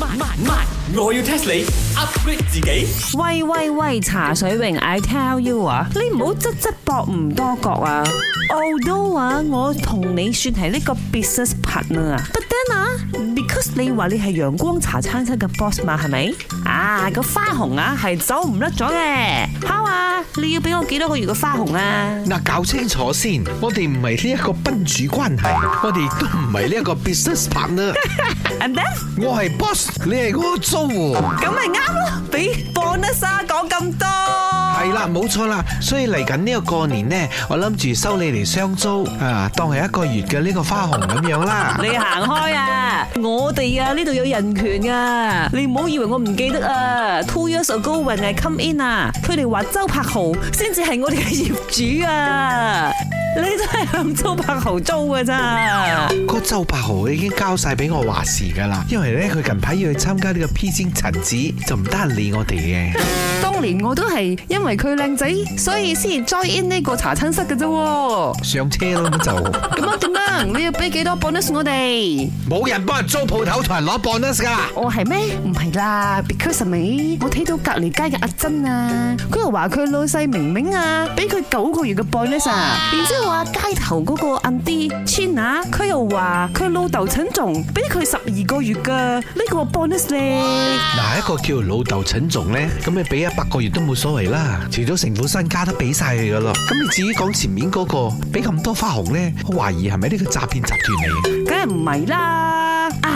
My, my. My. 我要 test 你 upgrade 自己。喂喂喂，茶水榮，I tell you 啊，你唔好側側膊唔多覺啊。Although 我同你算係呢個 business partner 啊 But then 啊，because 你話你係陽光茶餐廳嘅 boss 嘛，係咪啊？個花紅啊係走唔甩咗嘅。好啊，你要俾我幾多個月嘅花紅啊？嗱，搞清楚先，我哋唔係呢一個賓主關係，我哋都唔係呢一個 business partner。 And then? 我係 boss。你係我租喎，咁咪啱咯，俾放得沙講咁多。係啦，冇錯啦，所以嚟緊呢個過年咧，我諗住收你嚟雙租啊，當係一個月嘅呢個花紅咁樣啦。 你行開啊，我哋啊呢度有人權噶、啊，你唔好以為我唔記得啊。 Two years ago when I come in 啊，佢哋話周柏豪先至係我哋嘅業主啊。你真係向周柏豪租嘅咋？個周柏豪已經交晒俾我話事㗎啦，因為咧佢近排要去參加呢個 P 星陳子，就唔得閒理我哋嘅。 當年我都係因為佢靚仔，所以先 join 呢個茶餐室嘅啫。上車咯，就咁 樣點樣？你要俾幾多 bonus 我哋？冇人幫人租鋪頭同人攞 bonus 㗎。 我係咩？唔係啦，because 你我睇到隔離街嘅阿珍啊，佢又話佢老細明明啊，俾佢九個月嘅 bonus 啊，然之後。 話街頭嗰個 Andy Chana，佢又話佢老豆陳總俾佢十二個月噶呢個 bonus 咧。嗱一個叫老豆陳總咧，咁你俾一百個月都冇所謂啦，除咗成副身家都俾晒佢噶咯。咁至於講前面嗰個俾咁多花紅咧，我懷疑係咪呢個詐騙集團嚟？梗係唔係啦。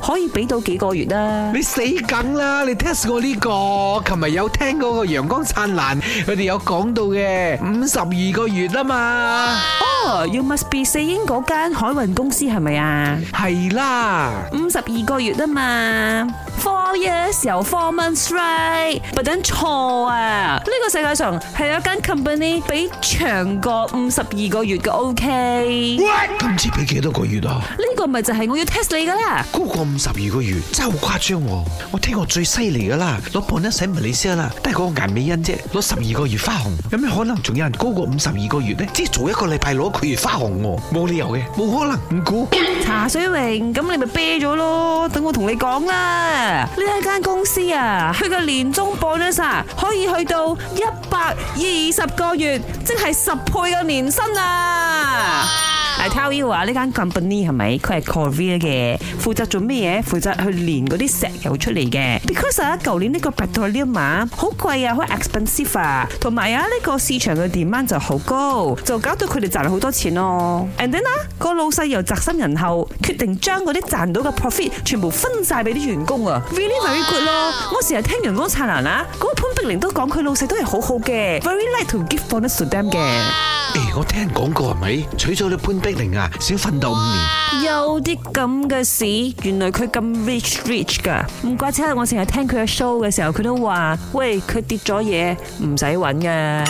可以俾到幾個月啦？你死梗啦！你 test 過呢個，琴日有聽嗰個陽光燦爛，佢哋有講到嘅五十二個月啊嘛。哦，You must be 四英嗰間海運公司係咪啊？係啦，五十二個月啊嘛，four years 又 four months right？唔等錯啊！呢個世界上係有一間 company 俾長過五十二個月嘅，ok？今次俾幾多個月啊？呢個咪就係我要 test 你噶啦。嗰個。五十二個月真係好誇張，我聽過最犀利噶啦，攞 bonus 喺馬來西亞啦，都係嗰個顏美欣啫，攞十二個月花紅，有咩可能仲有人高過五十二個月呢？即係做一個禮拜攞一個月花紅喎，哦，冇理由嘅，冇可能唔估。茶水榮，咁你咪啤咗咯，等我同你講啦。呢一間公司啊，佢個年終 bonus 可以去到一百二十個月，即係十倍嘅年薪啊！I tell you 啊，呢間 company 係咪？佢係 coal mine 嘅，負責做咩嘢？負責去煉嗰啲石油出嚟嘅。Because 啊，舊年呢個 petroleum 啊好貴啊，好 expensive 啊，同埋啊，呢個市場嘅 demand 就好高，就搞到佢哋賺好多錢咯。And then 啊，個老細又宅心仁厚，決定將嗰啲賺到嘅 profit 全部分曬俾啲員工啊，really very good 咯。我成日聽人嗰個陳蘭啊，嗰個潘碧玲都講佢老細都係好好嘅，very like to give bonuses to them 嘅。誒、欸，我聽人講過係咪？娶咗你潘碧玲啊，少奮鬥五年。哇有啲咁嘅事，原來佢咁 rich rich 噶。唔怪之啦，我成日聽佢嘅 show 嘅時候，佢都話：喂，佢跌咗嘢，唔使揾嘅。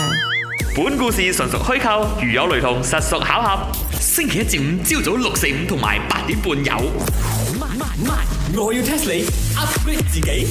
本故事純屬虛構，如有雷同，實屬巧合。星期一至五朝早六四五同埋八點半有。我要 test 你，upgrade 自己。